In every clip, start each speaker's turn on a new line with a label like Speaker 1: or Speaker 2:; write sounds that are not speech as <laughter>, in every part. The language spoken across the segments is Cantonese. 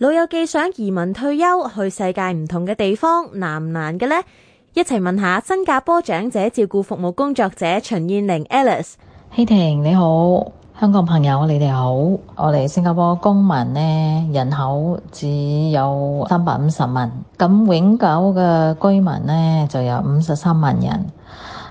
Speaker 1: 老友記想移民退休去世界唔同嘅地方，難唔難嘅呢？一齊問一下新加坡長者照顧服務工作者陳燕玲 Alice。希婷、hey, 你好，香港朋友你哋好。我哋新加坡公民呢，人口只有三百五十萬，咁永久嘅居民呢，就有五十三萬人。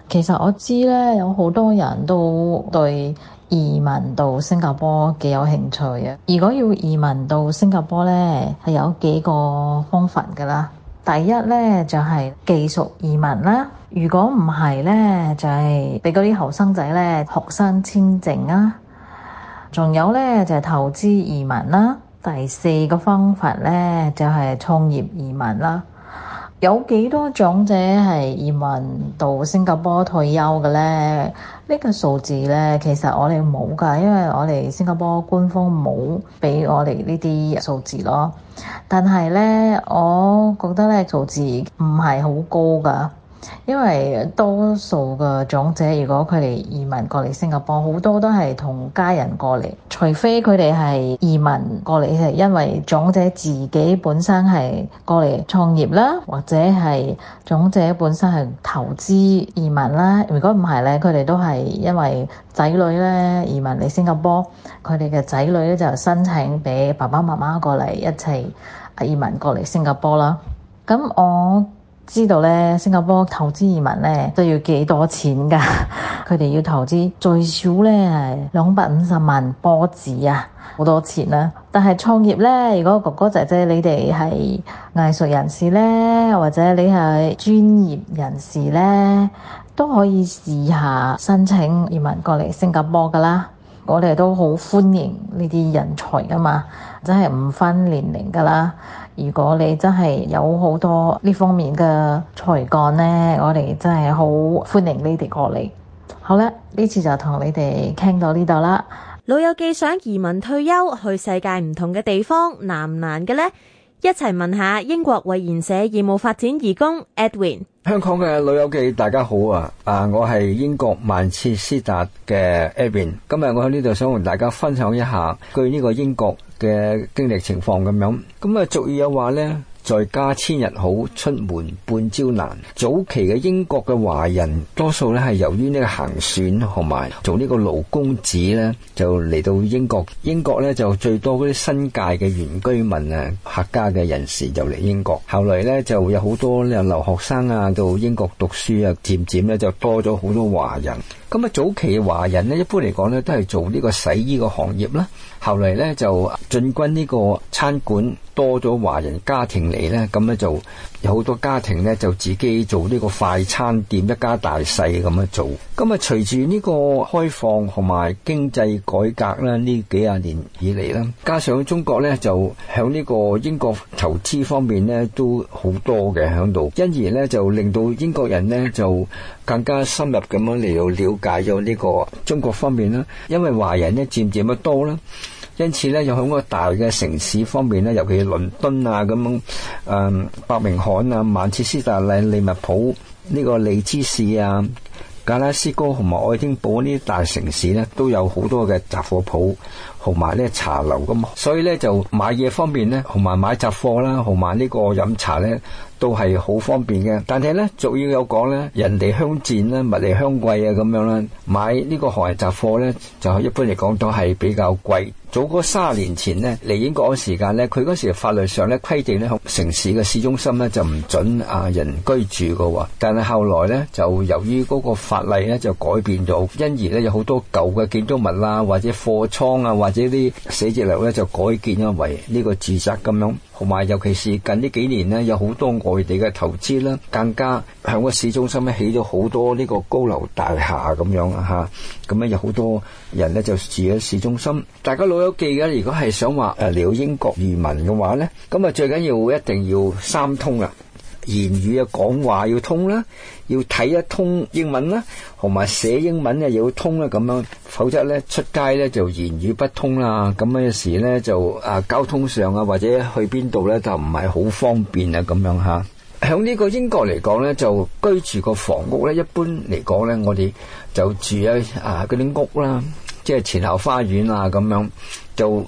Speaker 1: 其實我知呢，有好多人都對，移民到新加坡幾有興趣啊？如果要移民到新加坡咧，係有幾個方法噶啦。第一咧就係、是、技術移民啦。如果唔係咧，就係俾嗰啲後生仔咧學生簽證啊。仲有咧就係、是、投資移民啦。第四個方法咧就係、是、創業移民啦。有幾多長者係移民到新加坡退休嘅呢？呢個數字呢，其實我哋冇㗎，因為我哋新加坡官方冇俾我哋呢啲數字咯。但係呢，我覺得呢數字唔係好高㗎。因為多數嘅長者，如果佢哋移民過嚟新加坡，好多都係同家人過嚟，除非佢哋係移民過嚟係、就是、因為長者自己本身係過嚟創業啦，或者係長者本身係投資移民啦。如果唔係咧，佢哋都係因為仔女咧移民嚟新加坡，佢哋嘅仔女咧就申請俾爸爸媽媽過嚟一齊移民過嚟新加坡啦。咁我知道咧，新加坡投資移民咧都要幾多錢噶？佢 <laughs> 哋要投資最少咧係兩百五十萬波子啊，好多錢啦、啊。但係創業咧，如果哥哥姐姐你哋係藝術人士咧，或者你係專業人士咧，都可以試下申請移民過嚟新加坡噶啦。我哋都好歡迎呢啲人才㗎嘛，真係唔分年齡㗎喇。如果你真係有好多呢方面嘅才幹呢，我哋真係好歡迎你哋過嚟。好啦，呢次就同你哋傾到呢度啦。老友記想移民退休，去世界唔同嘅地方，難唔難嘅呢？一齊問一下英國維研社業務發展義工 Edwin。香港
Speaker 2: 嘅老友記，大家好啊！啊，我係英國曼徹斯特嘅 Edwin。今日我喺呢度想同大家分享一下據呢個英國嘅經歷情況咁樣。咁啊，俗語有話咧。在家千日好，出門半朝難。早期嘅英國嘅華人，多數咧係由於呢個行船同埋做呢個勞工子咧，就嚟到英國。英國咧就最多嗰啲新界嘅原居民啊，客家嘅人士就嚟英國。後嚟咧就有好多呢個留學生啊，到英國讀書啊，漸漸咧就多咗好多華人。咁啊，早期嘅華人咧，一般嚟講咧都係做呢個洗衣嘅行業啦。後嚟咧就進軍呢個餐館。多咗華人家庭嚟呢，咁咧就有好多家庭呢，就自己做呢個快餐店，一家大細咁樣做。咁啊，隨住呢個開放同埋經濟改革啦，呢幾廿年以嚟啦，加上中國呢，就喺呢個英國投資方面呢，都好多嘅喺度，因而呢，就令到英國人呢，就更加深入咁樣嚟到了解咗呢個中國方面啦。因為華人漸漸呢，漸漸咁多啦。因此咧，又喺嗰個大嘅城市方面咧，尤其係倫敦啊、咁樣誒、伯明翰啊、曼切斯特、利利物浦呢、呢個利茲市啊、格拉斯哥同埋愛丁堡呢啲大城市咧，都有好多嘅雜貨鋪同埋咧茶樓咁。所以咧，就買嘢方面咧，同埋買雜貨啦，同埋呢個飲茶咧，都係好方便嘅。但係咧，仲要有講咧，人哋鄉賤咧，物嚟鄉貴啊，咁樣啦。買個呢個行業雜貨咧，就一般嚟講都係比較貴。早過三十年前呢，嚟英國嗰時間咧，佢嗰時法律上呢，規定呢，城市嘅市中心呢就唔准啊人居住嘅。但係後來呢，就由於嗰個法例呢就改變咗，因而呢有好多舊嘅建築物啊，或者貨倉啊，或者啲寫字樓呢就改建咗為呢個住宅咁樣。同埋尤其是近呢幾年呢，有好多外地嘅投資啦，更加向個市中心咧起咗好多呢個高樓大廈咁樣嚇。咁咧有好多人呢就住喺市中心，大家老都記得，如果係想話誒嚟到英國移民嘅話呢咁啊最緊要一定要三通啦，言語啊講話要通啦，要睇一通英文啦，同埋寫英文咧要通啦咁樣，否則呢，出街呢就言語不通啦，咁樣有時呢，就啊交通上啊或者去邊度呢，就唔係好方便啊咁樣嚇。喺呢個英國嚟講呢，就居住個房屋呢，一般嚟講呢，我哋就住喺啊嗰啲屋啦。即係前後花園啊，咁樣就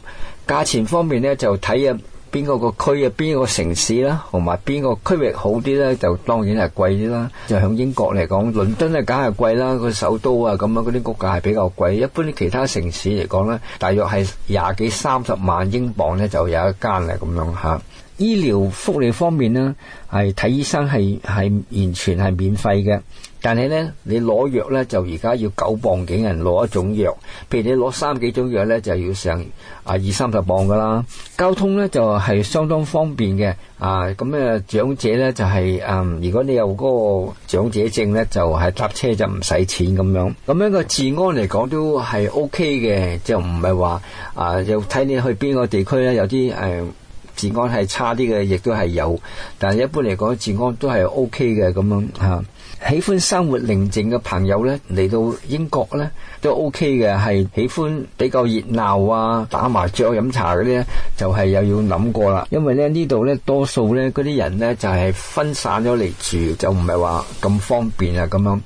Speaker 2: 價錢方面呢，就睇下邊個個區啊，邊個城市啦，同埋邊個區域好啲呢，就當然係貴啲啦。就響英國嚟講，倫敦呢梗係貴啦，個首都啊咁樣嗰啲屋價係比較貴。一般其他城市嚟講呢，大約係廿幾三十萬英鎊呢，就有一間啦咁樣吓。醫療福利方面呢，係睇醫生係係完全係免費嘅。但係呢，你攞藥呢，就而家要九磅幾銀攞一種藥，譬如你攞三幾種藥呢，就要成啊二三十磅㗎喇。交通呢，就係、是、相當方便嘅。啊，咁誒長者呢，就係、是、誒、嗯，如果你有嗰個長者證呢，就係、是、搭車就唔使錢咁樣。咁樣個治安嚟講都係 OK 嘅，就唔係話啊，有睇你去邊個地區呢，有啲誒。呃治安係差啲嘅，亦都係有，但係一般嚟講，治安都係 O K 嘅咁樣嚇、啊。喜歡生活寧靜嘅朋友呢，嚟到英國呢，都 O K 嘅，係喜歡比較熱鬧啊、打麻雀、飲茶嗰啲呢，就係、是、又要諗過啦。因為呢呢度呢，多數呢嗰啲人呢，就係、是、分散咗嚟住，就唔係話咁方便啊咁樣。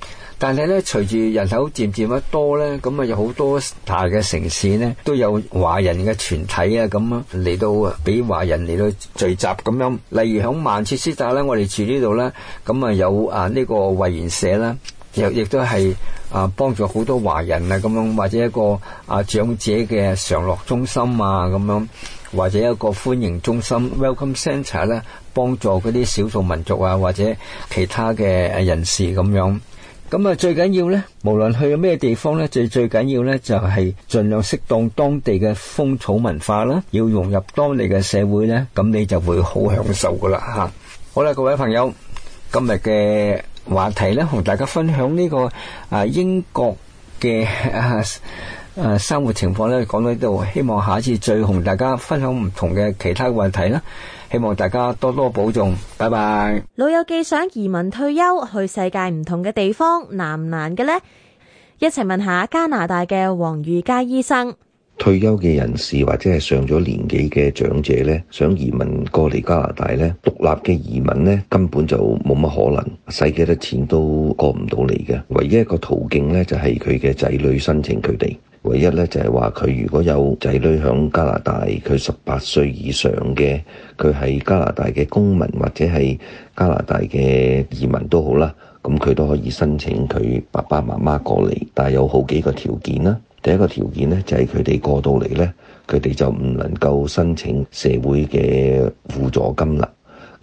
Speaker 2: 但係咧，隨住人口漸漸一多咧，咁、嗯、啊有好多大嘅城市咧，都有華人嘅團體啊，咁啊嚟到啊，俾華人嚟到聚集咁樣。例如響曼徹斯特咧，我哋住呢度咧，咁、嗯、啊有啊呢個慧妍社啦，又亦都係啊幫助好多華人啊咁樣，或者一個啊長者嘅常樂中心啊咁樣，或者一個歡迎中心 （Welcome Centre） e 咧，幫助嗰啲少數民族啊或者其他嘅人士咁樣。咁啊，最緊要呢，無論去到咩地方呢，最最緊要呢就係盡量適當當地嘅風土文化啦，要融入當地嘅社會呢，咁你就會好享受噶啦吓。好啦，各位朋友，今日嘅話題呢，同大家分享呢個啊英國嘅啊。誒，生活情況咧，講到呢度，希望下一次再同大家分享唔同嘅其他問題啦。希望大家多多保重，拜拜。
Speaker 1: 老友記想移民退休，去世界唔同嘅地方難唔難嘅呢？一齊問一下加拿大嘅黃如佳醫生。
Speaker 3: 退休嘅人士或者係上咗年紀嘅長者咧，想移民過嚟加拿大咧，獨立嘅移民咧根本就冇乜可能，使幾多錢都過唔到嚟嘅。唯一一個途徑咧就係佢嘅仔女申請佢哋。唯一咧就係話佢如果有仔女響加拿大，佢十八歲以上嘅，佢係加拿大嘅公民或者係加拿大嘅移民都好啦，咁佢都可以申請佢爸爸媽媽過嚟，但係有好幾個條件啦。第一個條件咧就係佢哋過到嚟咧，佢哋就唔能夠申請社會嘅輔助金啦。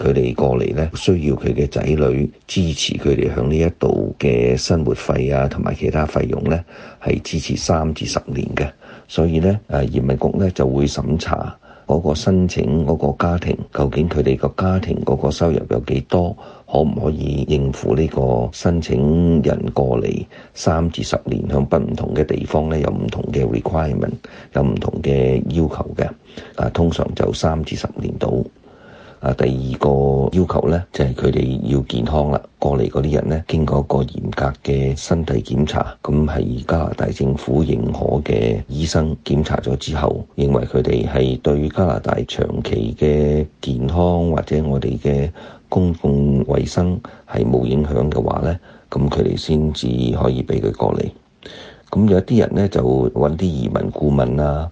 Speaker 3: 佢哋過嚟呢，需要佢嘅仔女支持佢哋向呢一度嘅生活費啊，同埋其他費用呢，係支持三至十年嘅。所以呢，誒移民局呢就會審查嗰個申請嗰個家庭，究竟佢哋個家庭嗰個收入有幾多，可唔可以應付呢個申請人過嚟三至十年，向不唔同嘅地方呢？有唔同嘅 requirement，有唔同嘅要求嘅。啊，通常就三至十年到。啊，第二個要求呢，就係佢哋要健康啦。過嚟嗰啲人呢，經過一個嚴格嘅身體檢查，咁係加拿大政府認可嘅醫生檢查咗之後，認為佢哋係對加拿大長期嘅健康或者我哋嘅公共衛生係冇影響嘅話呢，咁佢哋先至可以俾佢過嚟。咁有一啲人呢，就揾啲移民顧問啊。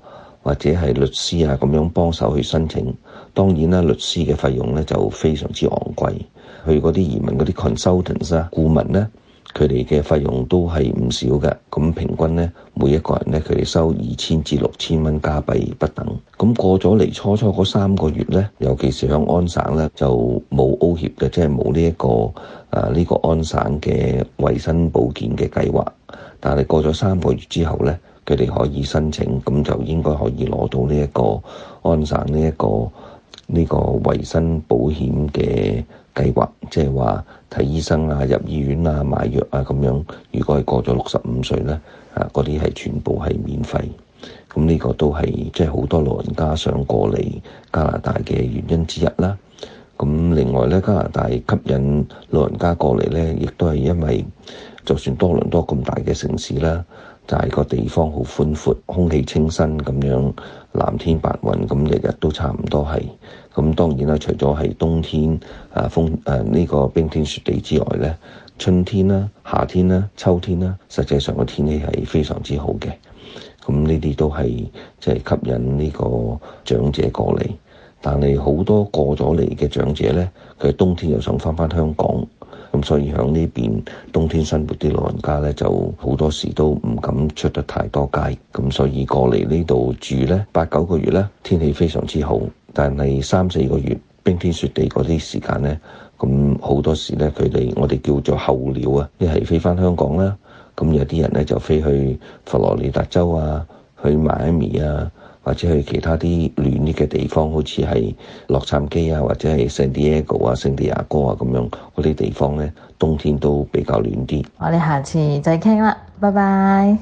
Speaker 3: 或者係律師啊咁樣幫手去申請，當然啦，律師嘅費用呢就非常之昂貴。去嗰啲移民嗰啲 consultants 啊顧問呢，佢哋嘅費用都係唔少嘅。咁平均呢，每一個人呢，佢哋收二千至六千蚊加幣不等。咁過咗嚟初初嗰三個月呢，尤其是響安省呢，就冇 O 協嘅，即係冇呢一個啊呢、呢個安省嘅衞生保健嘅計劃。但係過咗三個月之後呢，佢哋可以申請，咁就應該可以攞到呢一個安省呢一個呢個衞生保險嘅計劃，即係話睇醫生啊、入醫院啊、買藥啊咁樣。如果係過咗六十五歲呢，啊嗰啲係全部係免費。咁呢個都係即係好多老人家想過嚟加拿大嘅原因之一啦。咁另外呢，加拿大吸引老人家過嚟呢，亦都係因為就算多倫多咁大嘅城市啦。就係個地方好寬闊，空氣清新咁樣，藍天白雲咁，日日都差唔多係。咁當然啦，除咗係冬天啊風誒呢、啊呢個冰天雪地之外呢，春天啦、啊、夏天啦、啊、秋天啦、啊，實際上嘅天氣係非常之好嘅。咁呢啲都係即係吸引呢個長者過嚟。但係好多過咗嚟嘅長者呢，佢冬天又想返返香港。咁所以喺呢邊冬天生活啲老人家呢，就好多時都唔敢出得太多街。咁所以過嚟呢度住呢八九個月呢，天氣非常之好。但係三四個月冰天雪地嗰啲時間呢，咁好多時呢，佢哋我哋叫做候鳥啊，一係飛翻香港啦，咁有啲人呢，就飛去佛羅里達州啊，去 Miami 啊。或者去其他啲暖啲嘅地方，好似係洛杉磯啊，或者係聖地亞哥啊、聖地牙哥啊咁樣嗰啲地方咧，冬天都比較暖啲。
Speaker 1: 我哋下次再傾啦，拜拜。